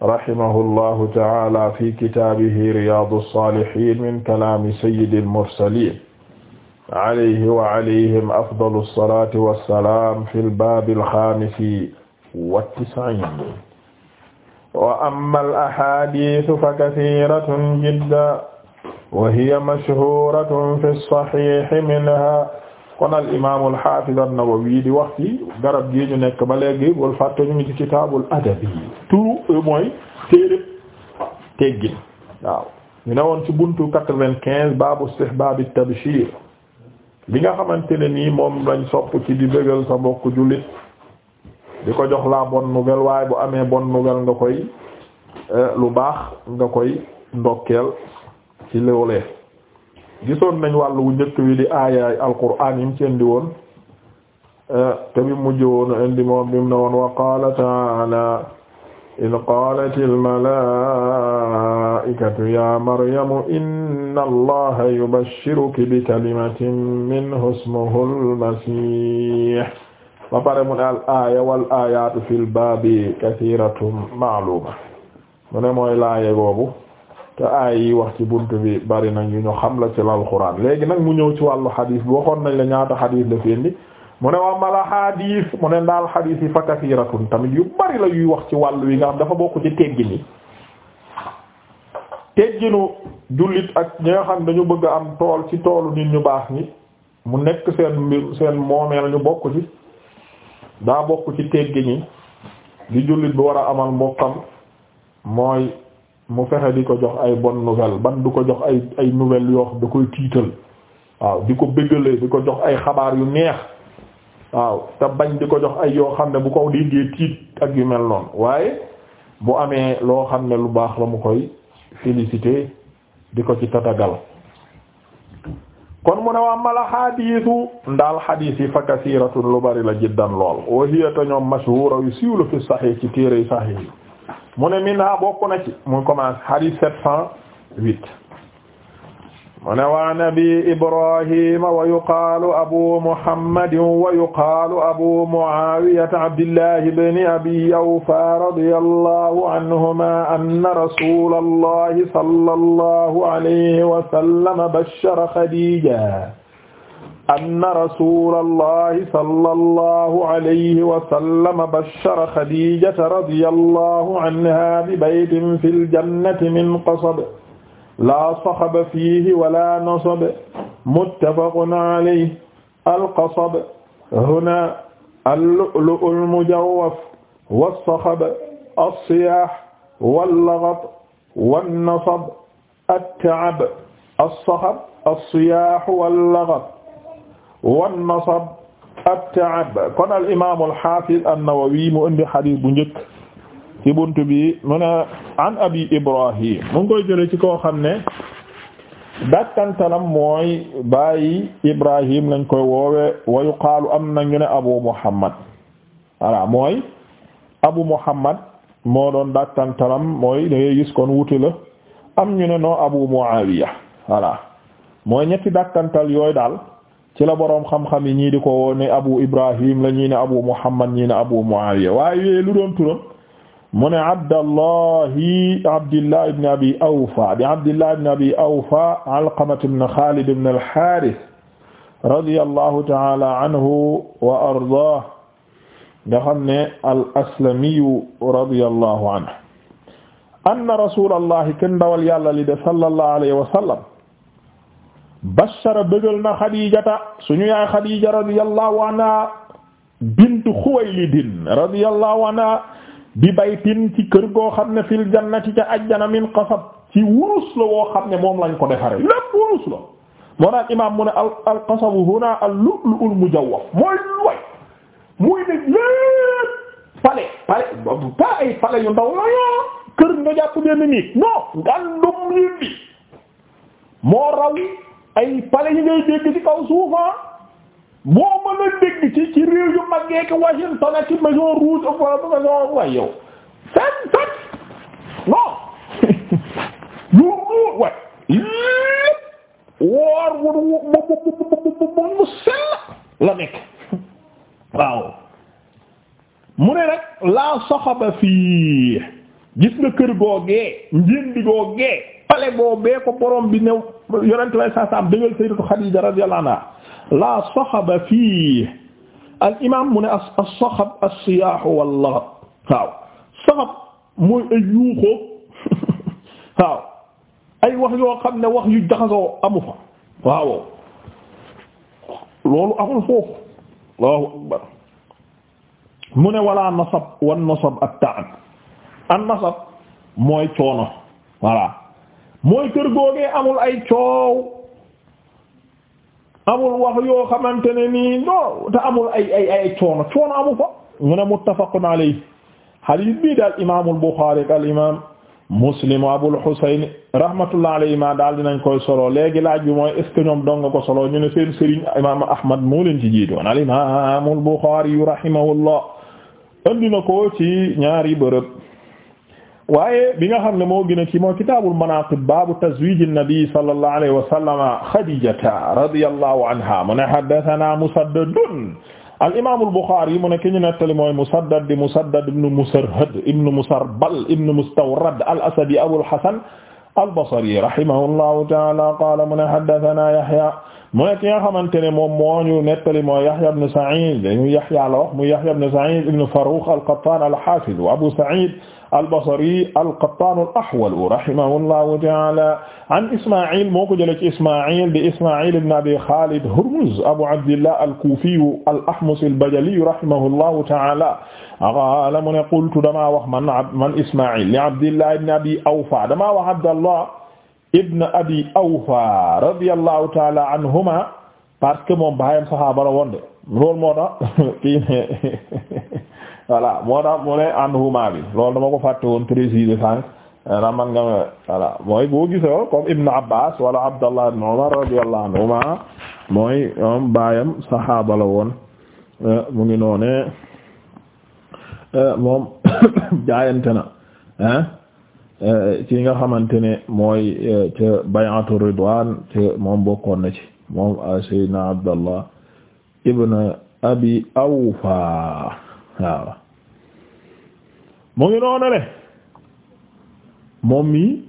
rahimahullahu ta'ala fi kitaabihi Riyâdous-Sâlihîne min kalaami sayyidil mursaliin alayhi wa alayhim afdalu salaati wa salaam fil baabil xaamisi wat-tis'iin. wa ammal ahaadiisu fakasiiratun jiddan wa hiya mashhuuratun fi saxiixi minhaa kon al imaam al haafiz an-Nawawi di wax ci garab gii ñu nekk ba léegi wal fàtte ñu ngi ci kitaabul adabi turu mooy téereb teggin waaw ñu ne woon ci buntu quatre-vingt-quinze baabu istihbaab at-tabshiir li nga xamante ne nii moom lañ sopp ci di bëggal sa mbokk jullit di ko jox la bonne nouvelle waaye bu amee bonne nouvelle nga koy eh, lu baax nga koy ndokkeel ci loolee gisoon nañ wàll wu njëkk wi di aayaay alquraan yim ci indi woon eh, te bi mujj woon indi moom bim na woon wa qaala ta'aala id qaalati almalaikatu ya maryamu inna allaha yubashshiruki bi kalimatin minhu ismuhu almasih ba pare mu ne al aaya wal aayaatu fil baabi kathiratun ma'luuma mu ne mooy laaye boobu te aay yi wax ci bunt bi bari na ñu ñu xam la ci alxuraan léegi nag mu ñëw ci wàllu xadiis bi waxoon nañ la ñaata xadiis la fi indi mu ne waa mala xadiis mu ne ndaal xadiis yi fa kasiiratun tamit yu bari la yuy wax ci wàll wi nga xam dafa bokk ci teggin yi tegginu jullit ak ñi nga xam dañu bëgg a am tool ci toolu nit ñu baax ñi mu nekk seen mbir seen moomeel ñu bokk ci daa bokk ci teggin yi di jullit bi war a amal mbokkam mooy mu fexe di ko jox ay bonne nouvelle ban du ko jox ay ay nouvelles yoo di koy tiital waaw di ko bëggalee di ko jox ay xabaar yu neex waaw te bañ di ko jox ay yoo xam ne bu ko déggee tiit ak yu mel noon waaye bu amee loo xam ne lu baax la mu koy féliciter di ko ci tatagal kon mu ne waa mala xadiisu ndaal xadiis yi fa kasiratun lu bari la jiddan lool wa hiya te ñoom mashhura yu siiw la fi saxiix ci téere saxiix yi mu ne minha bokk na ci mu commence hadith sept cent huit mu ne wa nabi ibrahima wa yuqaalu abu muhammadin wa yuqaalu abu muawiyata abdillahi bni abi awfa radiyallahu anhuma anna rasulallahi sallallahu alayhi wa sallam bashara khadija anna rasulallahi sallallahu alayhi wa sallam bashara xadijata radiyallahu anha bi baytin fil jannati min qasab laa saxaba fiihi wala nasab muttafaqun alayhi alqasab huna allu'lu'ul mujawwaf wassaxab assiyaax wallagat wannasab atta'ab assaxab assiyaax wallagat wan nasab at-ta'ab kon al imaam al mu indi xadis bu njëkk ci buntu bi mu abi Ibrahim mu koy jëlee ci koo xam ne dakkantalam mooy bàyyi Ibrahim lañ koy woowe wa yuqaalu am na ñu ne Abu Muhammad voilà mooy Abu Muhammad moo doon dakkantalam mooy da ngay gis kon wuute la am ñu ne noo Abu Muawiya voilà mooy ñetti dakkantal yooyu daal. ci la boroom xam-xam yi ñii di ko woo ne abu ibrahim la ñii ne abu muhammad ñii ne abu muawiya waaye lu doon turam mu ne abdallahi abdillah ibn abi awfa di abdillah ibn abi awfa alqamat ibn xaalid ibn alxaaris radiyallahu taala anhu wa ardaah nga xam ne al aslamiyu radiyallahu anhu anna rasulallahi kenn dawal yàlla li de sallallahu alayhi wa sallam bashara bëggal na xadijata suñu yaay xadija radiyallahu anha bint xuwaylidin radiyallahu anha bi baytin ci kër goo xam ne fil jannati ca ajjana min qasab ci wurus la woo xam ne moom lañ ko defare lépp wurus la moo naan imaam mu ne al al qasabu huna al lu'lu'ul mujawwaf mooy way muy ne lépp pale pale yu ndaw la yaa kër nga jàpp benn nit non ngandum yi bi moo raw ay pale yi ngay dégg ci kaw suufaa ah. boo mën a dégg ci ci réew yu maggee ki Washington ak ci maison rouge ak maison waaye yow fenn fenn non lu lu waaye lépp woor bu bu bu bu mu sell la nekk waaw mu ne rek laa soxaba fii gis nga kër googee njëndi googee pale boobee ko borom bi new yonent lay saa saam dëggal sayyidatu Xadiija radiyallahu anha la saxaba fii al imaam mu ne as as saxab as-siyaahu wal-laghab waaw saxab mooy ay yuuxoo waaw ay wax yoo xam ne wax yu jaxasoo amu fa waaw loolu amul foofu Allahu akbar mu ne wala nasab wan nasab at-ta'ab an nasab mooy coono voilà mooy kër googee amul ay coow amul wax yoo xamante ne nii non te amul ay ay ay coono coono amu fa mu ne muttafaqun alayhi hadith bii daal imaamul Buxaari ak al imaam Muslim Abul Husayn rahmatullah maa daal dinañ koy solo léegi laaj bi mooy est ñoom dong ko solo ñu ne seen sëriñ imaam Ahmad moo leen ci jiitoon al imaamul Buxaari rahimahullah andi na ko ci ñaari bërëb. waaye bi nga xam ne moo gën a ci moo kitaabul manaaqib baabu tazwiij an-nabi sallallahu alayhi wa sallama Xadiijata radiyallahu anha mu ne haddasanaa Musaddadun al-imaam al-Buxaari mu ne ki ñu nettali mooy Musaddad di Musaddad ibn Musarhad ibn Musarbal ibn Mustawrad al-Asadi Abul Hasan al-Basri rahimahullahu ta'aala qaala mu ne haddasanaa Yahyaa mu ne ki nga xamante ne moom moo ñu nettali mooy Yahya ibn Sa'id dañu Yahya la wax mu Yahya ibn Sa'id ibn Farrukh al-Qattan al-Hafiz Abu Sa'id al-Basri al-Qattan al-Ahwal rahimahullahu ta'ala an Isma'il moo ko jëlee ci Isma'il di Isma'il ibn Abi Khalid Hurmuz Abu Abdillah al-Kufi al-Ahmus al-Bajali rahimahullahu ta'ala qala mu ne qultu damaa wax man man Isma'il li Abdillah ibn Abi Awfa damaa wax Abdallah ibn abi awfa radiyallahu taala anhuma parce que moom baayam saxaaba la woon de loolu moo tax kii anhuma bi loolu dama ko fàtte woon préciser sànq da man nga voilà mooy boo gisoo comme ibn abbas wala abdallah ibn umar radiyallahu anhuma mooy moom baayam saxaaba la euh, mu ngi noone euh, moom jaayante na ci eh, nga xamante ne mooy eh, ca bay'atu ridwan ca moom bokkoon na ci moom ah, sayyidina Abdallah ibn abi awfa waaw mu ngi noonu le moom mii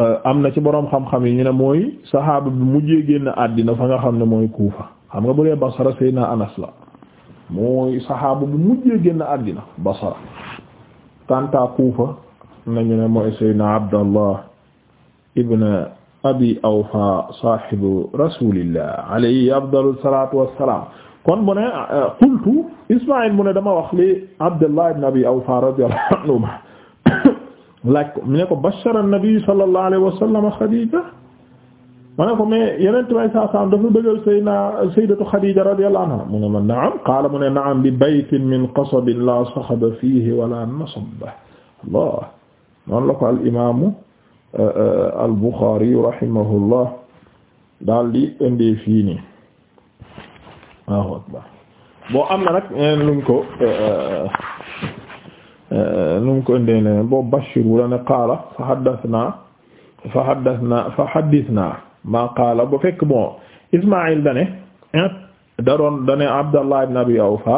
eh, am na ci boroom xam-xam yi ñu ne mooy saxaaba bu mujjee génn àddina fa nga xam ne mooy Kuufa xam nga bu dee Basra Seydina Anas la mooy saxaaba bu mujjee génn àddina Basra tanta Kuufa nañu ne mooy saydna abdallah ibn abi awfa sahibu rasulillah alayhi afdalu salatu wassalam kon mu ne qultu ismail mu ne dama wax li abdallah ibn abi awfa radiyallahu anhu laaj ko mu ne ko bashara an-nabi sallallahu alayhi wa sallam khadija ma ne ko mais yeneen may saa saam dafa bëggal sayna sayyidatu Khadija radiyallahu anha mu ne ma naam qaala mu ne naam bi baytin min qasabin la saxaba fiihi wala nasab Allah noonu la ko al imaamu euh, euh, al Buxaari rahimahullah daal di indee fii nii waaw boo am na nag lu euh, mu ko lu mu ko indee leneen boo Bashir wala ne qaala fa haddathnaa fa haddathnaa fa haddithnaa maa qaala ba fekk bon Ismaïl da ne da doon da ne Abdallah ibn Abi Awfa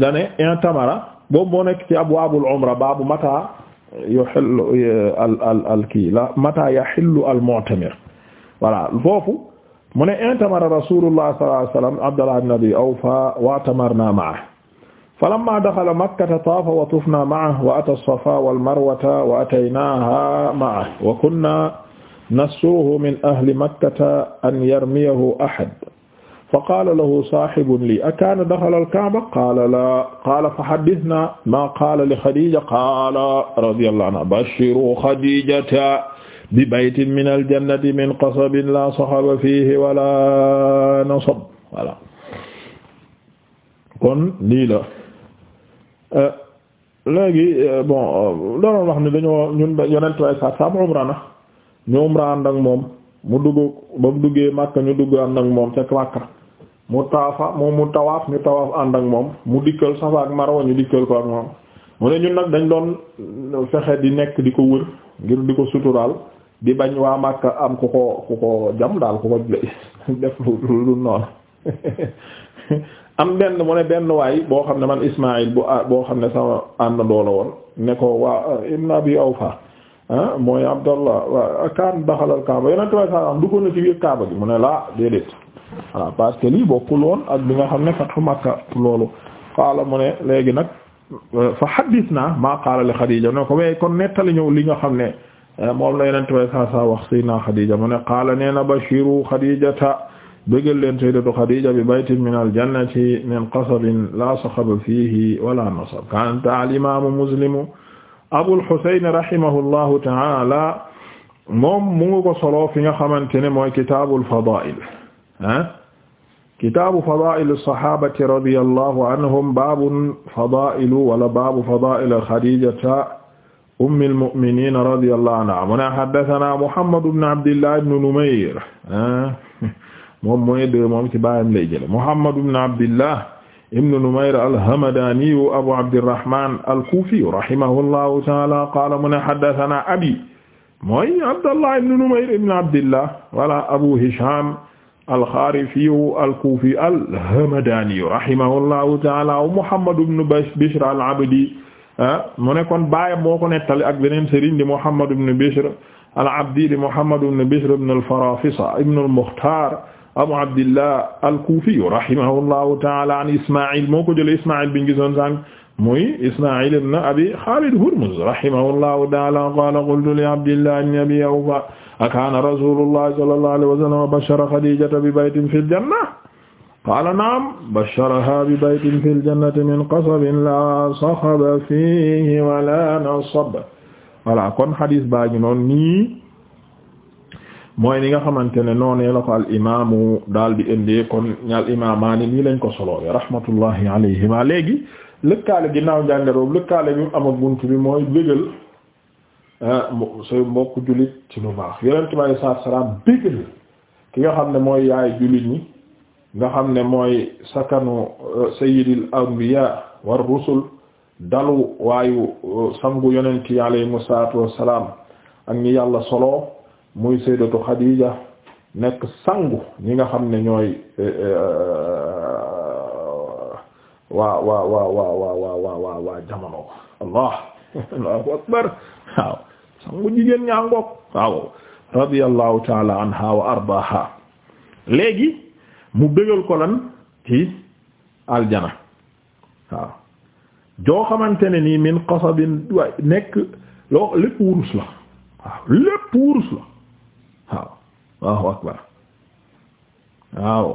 da ne intamara boobu moo nekk ci abwaabul umra baabu mata yuhillu al al al kii la mata yahillu al mu'tamir voilà foofu mu ne intamara rasulullah sallallahu alayhi wasallam abdullah ibn abi awfa wa tamarna ma'ahu falamma dakhala makkata taafa wa tufna ma'ahu wa ata as-safa wal marwata wa ataynaha ma'ahu wa kunna nasuhu min ahli makkata an yarmiyahu ahad fa qaala lahu saaxibun lii akaana daxala alkaaba qaala laa qaala fa haddithnaa maa qaala li Khadija qaala radiyallahu anhaa bashiruu Khadiijata bi baytin min aljannati min qasabin laa saxaba fiihi walaa nasab voilà kon lii la euh, léegi euh, bon loolu euh, wax ni dañoo ñun yonent waaye saa saam umra na ñu umra ànd ak moom mu dugg ba mu duggee Makka ñu dugg ànd ak moom ca Makka mu taafa moom mu tawaaf ñu tawaaf ànd ak moom mu dikkal Safa ak Marwa ñu dikkal ko ak moom mu ne ñun nag dañ doon fexe di nekk di ko wër ngir di ko suturaal di bañ waa Makka am ku ko ku ko jam daal ku ko def lu lu noonu am benn mu ne benn waay boo xam ne man Ismaïl bu boo xam ne sama àndandoo la woon ne ko waa bi Abi Awfa Ah mooy Abdallah waaw kaan daxalal Kaaba yonent way saam du ko na ci biir Kaaba gi mu ne laa déedéet voilà parce que lii bokkul woon ak bi nga xam ne fatxu Makka loolu xaala mu ne léegi nag fa xaddis naa maa qaala li Xadiija ne ko waaye kon nettali ñëw li nga xam ne eh, moom la yonent way saa saa wax si naa Xadiija mu ne qaala nee na bashiru Xadiijata bëggal leen sayyidatu Xadiija bi baytin min al-jannati min qasabin laa saxaba fiihi wala nasab kaana al-imaamu Muslimu Abul Husayn rahimahullahu ta'ala moom mu ngi ko solo fi nga xamante ne mooy kitaabul fadaa'il ah kitaabu fadaa'il as-sahaabati radiyallahu anhum baabun fadaa'ilu wala baabu fadaa'il Khadiijata ummil mu'miniin radiyallahu anhaa mu ne haddasanaa Muhammad ibn Abdillah ibn Numayr moom mooy de moom ci baayam lay jële Muhammad ibn Abdillah ibnu Numayr al-Hamadaniyu Abu Abdirrahman al-Kufiyu rahimahullahu ta'ala qaala mu ne haddathana abi mooy Abdallah ibnu Numayr ibnu Abdillah wala Abu Hisham al-Kharifiyu al-Kufiyu al-Hamadaniyu rahimahullahu ta'ala wa Muhammad ibnu Bishr al-Abdi ah, mu ne kon baayam moo ko nettali ak beneen sëriñ di Muhammad ibnu Bishr al-Abdi di Muhammad ibnu Bishr ibnu al-Farafisa ibnu al-Mukhtar Abu Abdillah al-Kufi rahimahullahu ta'ala an Isma'il moo ko jëlee Isma'il bi ñu gisoon sànq muy Isma'il ibn Abi Khalid Hurmuz rahimahullahu ta'ala qala qultu li Abdillah ibn Abi Awfa akana rasulullah sallallahu alayhi wa sallam bashara Khadijata bi baytin fil janna qala na'am basharaha bi baytin fil jannati min qasabin la sakhaba fihi wa la nasab voilà kon hadis baa ngi noonu nii mooy ni nga xamante ne noonee la ko al imaamu daal di indee kon ñaal imaamaani nii lañ ko soloowe rahmatullahi alayhima léegi lëkkaale ginnaaw njànge boobu lëkkaale bi mu am ak bunt bi mooy bégal ah, say mbokk jullit ci lu baax yonent bi alei salaatu salaam bégal ki nga xam ne mooy yaay jullit ñi nga xam ne mooy sakanu euh, sayyidil anbiya war rusul dalu waayu euh, sangu yonent yi alayhimu salaatu wassalaam ak ñi yàlla solo muy sayyidatu Khadija nekk sangu ñi nga xam ne ñooy eh, eh, eh, waa waa waa waa waa waa waa waa allah allahu akbar waaw sangu jigéen ñaa ngoog waaw radiyallahu taala anha wa ardaha léegi mu bégal ko lan ci aljana waaw joo xamante ne nii min qasabin waaye nekk loo lépp wurus la waaw lépp wurus la waaw Allahu akbar waaw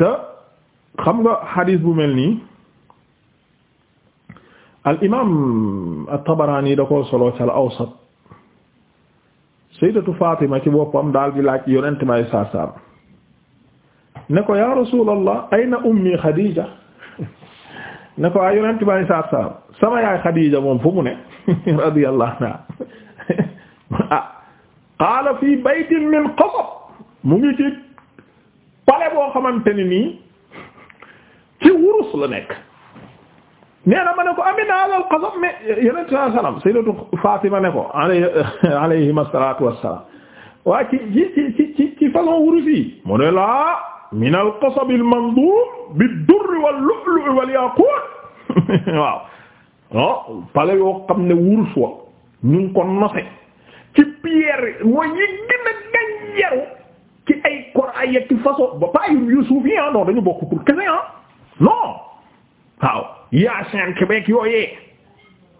te xam nga xadiis bu mel nii al imaam at-Tabaraani da koo solo ci al-Awsat sayyidatu Faatima ci boppam daal di laaj yonent may saar saar ne ko yaa Rasuulallah ayna ummi Xadiija ne ko ay yonent may saar saar sama yaay Xadiija moom fu mu ne radiyallahu anha qaala fii baytin min qasab mu ngi ci palais boo xamante ne nii ci wurus la nekk nee na ma ne ko amin ala al qasab mais yeneen saa salaam sayyidatu Fatima ne ko alayhim as-salaatu wassalaam waa ci ci ci ci ci façon wurus yi mu ne laa min al qasab al manduum bid-durr wal lu'lu' wal yaaqut waaw non oh, palais yoo xam ne wurus wa ñu ngi ko nose ci pierre mooy gën a gànjaru ci ay corail ak ci ba pas yu yi ah non dañu bokk pour kese ah non waaw yaa seen Québec yooyee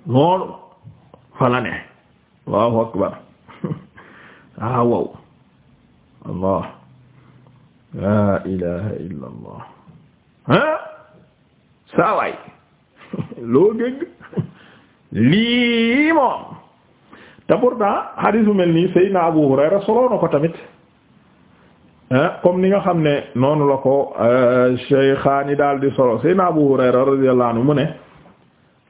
noonu fala ne Allahu akbar ah wow Allah la ilaha illa Allah ah saawaay lii moom te pourtant xadiis bu mel nii Seydina Abu Hurayra soloo na ko tamit eh, comme ni nga xam ne noonu la ko eh, Shaykhaani daal di solo Seydina Abu Hurayra radiyallahu anhu mu ne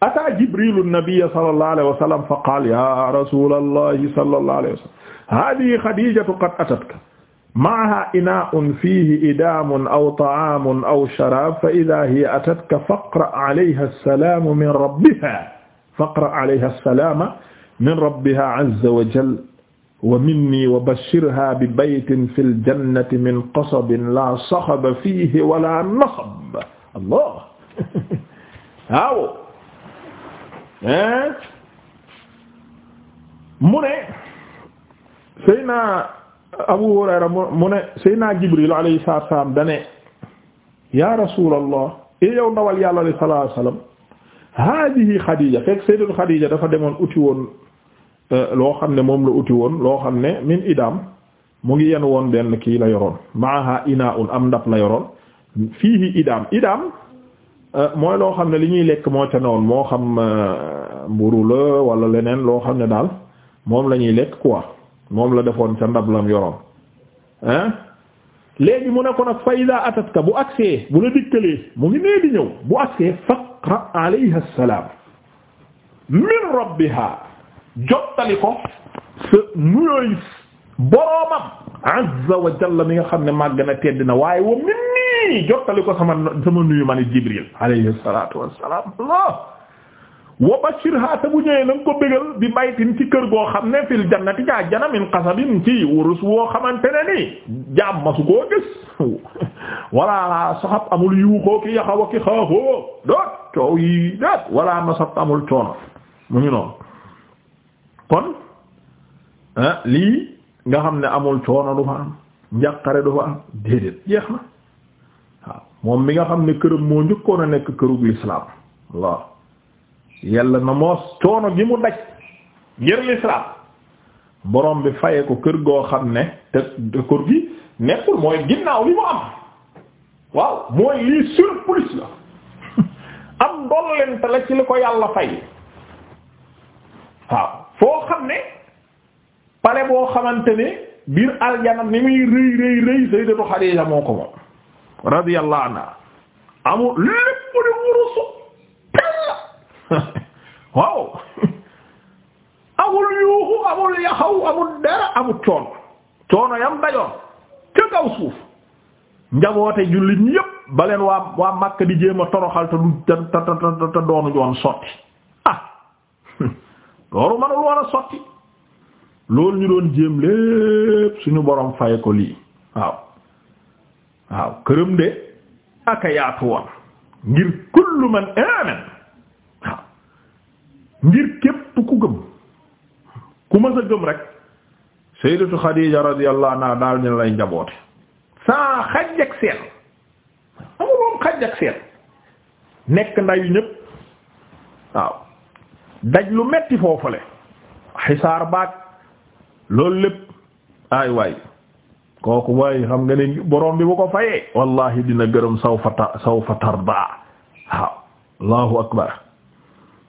ataa Jibriilu nabiyya sallallahu alayhi wa sallam fa qaala ya rasuulallahi sallallahu alayhi wa sallam haadihi Xadiijatu qad atatka maaha inaa'un fiihi idaamun aw ta'aamun aw sharaab fa idaa hiya atatka faqra' alayha assalaamu min rabbihaa faqra' alayha assalaama min rabbiha azza wa jal wa minni wa bashirha bi baytin fil jannati min qasabin la saxaba fiihi wala nasab allah waaw mu ne Seydina Abu Hurayra mu ne Seydina Jibril eh alayhi salaatu wa salaam dane ya rasulallah e yow ndawal yàlla sallallahu alayhi wa sallam haadihi Xadiija fekk Sayyidatu Xadiija dafa demoon uti woon Euh, loo xam ne moom la uti woon loo xam ne min idam mu ngi yen woon benn kii la yoroon maaha ina un am ndab la yoroon fiihi idam idam euh, mooy loo xam ne li ñuy lekk moo ca newoon moo xam euh, mburu la wala leneen loo xam ne daal moom lañuy lekk quoi moom la defoon ca ndab lam yoroon hein léegi mu ne ko nag fayda atatka bu agsee bu la dikkalee mu ngi nee di ñëw bu agsee faqra alayha salaam min rabbiha jottali ko sa nuyooy boroomam azza wa jalla mi nga xam ne màgg na tedd na waaye wa min nii jottali ko nuyu ma ne jibril alayhi allah wa bashirha ta bu ñëwee na nga ko bégal bi baytin ci kër goo xam ne fil jannati ca jana min qasabin ci wurus woo xamante ne ni jaam masu koo gis wala saxab amul yuuxoo ki yaxawa ki xaaxoo doot coow yi doot wala nasab amul coono mu ngi noonu kon ah, lii nga xam ne amul coono du fa am njàqare du fa am déedéet jeex na waaw moom mi nga xam ne këram moo njëkkoon a nekk kërug lislaam waaw yàlla na moos coono gi mu daj ngir lislaam borom bi faye ko kër goo xam ne te kër gi nekkul mooy ginnaaw li mu am waaw mooy lii surplus la am dollente la ci li ko yàlla fay waaw foo xam ne pale boo xamante ne biir aljana ni muy rëy rëy rëy sayyidatu Xadiija moo ko moom radiyallahu anha amul lépp di wurusu waaw amul yuuxu amul yaxaw amul dara amul coono coono yam dajoon ca kaw suuf njaboote jullit ñépp baleen waa waa Makka di jéem a toroxal te du te te te doonu joon sotti loolu manul woon a sotti loolu ñu doon jéem lépp suñu borom fay ko lii waaw waaw këram de aka yaatu woon ngir kullu man amen waaw ngir képp ku gëm ku mës a gëm rek sayyidatu Xadiija radiyallahu anha daal ñu lay njaboote saa xaj ak seen amuloon xaj ak seen nekk ndayu ñépp waaw daj lu metti foofale xisaar baag loolu lépp ay waay kooku waay xam nga ne borom bi ko fayee wallahi dina gërëm sawfa ta sawfa akbar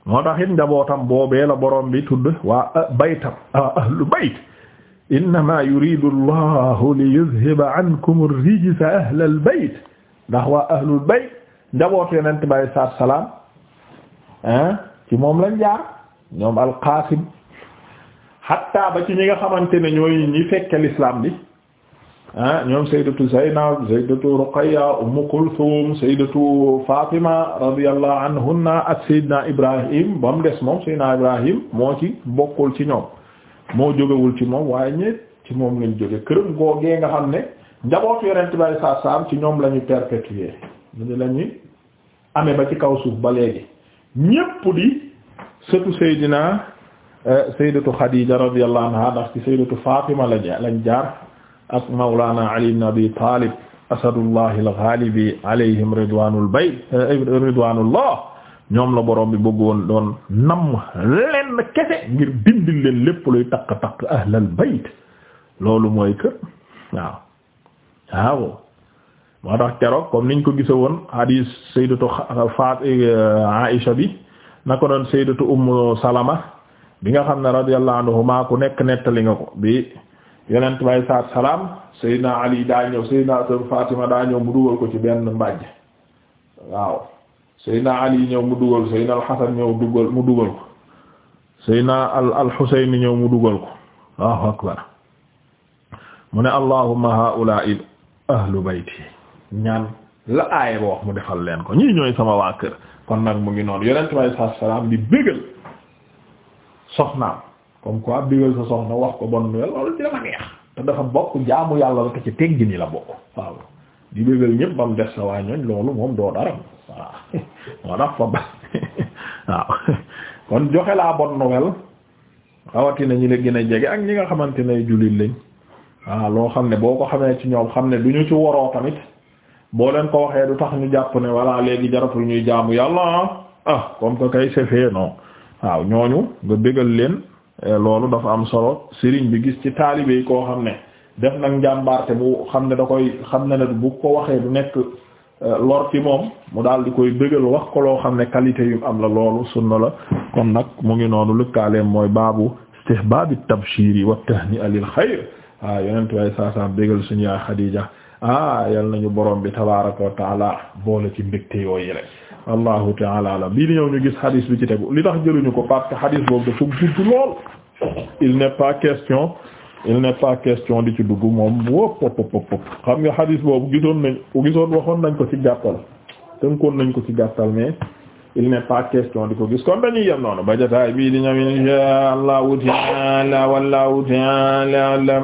moo tax it njabootam boobee la borom bi tudd waa ah, baytam ah, ahlu bayt innama yuridu allahu li yudhiba ankum ar-rijsa ahla al-bayt ndax waa ahlul bayt njaboot yonent bi alayhi salaam ci moom lañ jaar ñoom alqaasim hatta ba ci ñi nga xamante ne ñooy ñi fekke lislaam bi ah ñoom sayyidatu Zaynab sayyidatu Ruqayya Ummu Kulthum sayyidatu Fatima radiyallahu anhunna ak sayyidina Ibrahim ba mu des moom sayyidina Ibrahim moo ci bokkul ci ñoom moo jógewul ci moom waaye ñépp ci moom lañ jóge këram googee nga xam ne njabootu yonent bi sallallahu ci ñoom la ñu mu ñu la ñuy ba ci kaw suuf ba léegi ñépp di sëtu Seydina euh, Sayyidatu Khadija radiyallahu anha ndax ci Sayyidatu Fatima lañ jaar ak Mawlana Ali ibn Abi Talib asadullahi al-ghalibi alayhim ridwanul euh, ñoom la borom bi bëggoon doon namm lenn kese ngir dindil leen lépp luy takk takk ahlal bayt loolu mooy kër moo tax keroog comme niñ ko gisa woon hadis sayyidatu euh, faat euh, Aisha bi na ko doon sayyidatu Ummu Salama bi nga xam ne radiyallahu anhuma ku nekk nettali nga ko bi yonent bay saat salaam Seydina Ali daa ñëw Seydina sër daa ñëw mu dugal ko ci benn mbàjj waaw Seydina Ali ñëw mu dugal mu dugal ko Seydina al al-Husayn ñëw mu dugal ko Allahu akbar mu ne allahumma haa'ulaa'i ahlu bayti ñaan la aaye ba wax mu defal leen ko ñii ñooy sama waa kër kon nag mu ngi noonu yonent bi alayhi salaatu salaam di bégal soxnaam comme quoi bégal sa soxna wax ko bonne nouvelle loolu dina ma neex te dafa bokk jaamu yàlla la te ci teggi ni la bokk waaw di bégal ñëpp ba mu def sa waa ñooñ loolu moom doo dara waaw moo tax fa ba waaw kon joxe laa bonne nouvelle rawatina ñi la gën a jege ak ñi nga xamante ne jullit lañ waaw loo xam ne boo ko xamee ci ñoom xam ne du ñu ci woroo tamit boo leen ko waxee du tax ñu jàpp ne voilà léegi jaratul ñuy jaamu yàlla ah, ah comme que kay c'est fait waaw ñooñu nga bégal leen eh, loolu dafa am solo sëriñ bi gis ci taalibe yi koo xam ne def nag njàmbaarte bu xam ne da koy xam ne ne bu ko waxee du nekk eh, lor ci moom mu daal di koy bégal wax ko loo xam ne qualité yu am la loolu sunna la kon nag mu ngi noonu lëkkaaleem mooy baabu istihbaabi tabshiri wa tahni'a lil xayr waaw ah, yonent waaye saa saa bégal suñu yaay Xadiija ah yal nañu borom bi tabaaraka wa taala boole ci mbégte yooyu rek allahu taala alam bii di ñëw ñu gis hadis bi ci tegu li tax jëluñu ko parce que hadis boobu dafa gudd lool il n'est pas question il n'est pas question di ci dugg moom wop pop pop pop xam nga hadis boobu gisoon nañ gisoon waxoon nañ ko ci gàttal tënkoon nañ ko ci gàttal mais il n'est pas question di ko gis kon dañuy yem noonu ba jotaay bii di ñëw insha allahu taala wallahu taala alam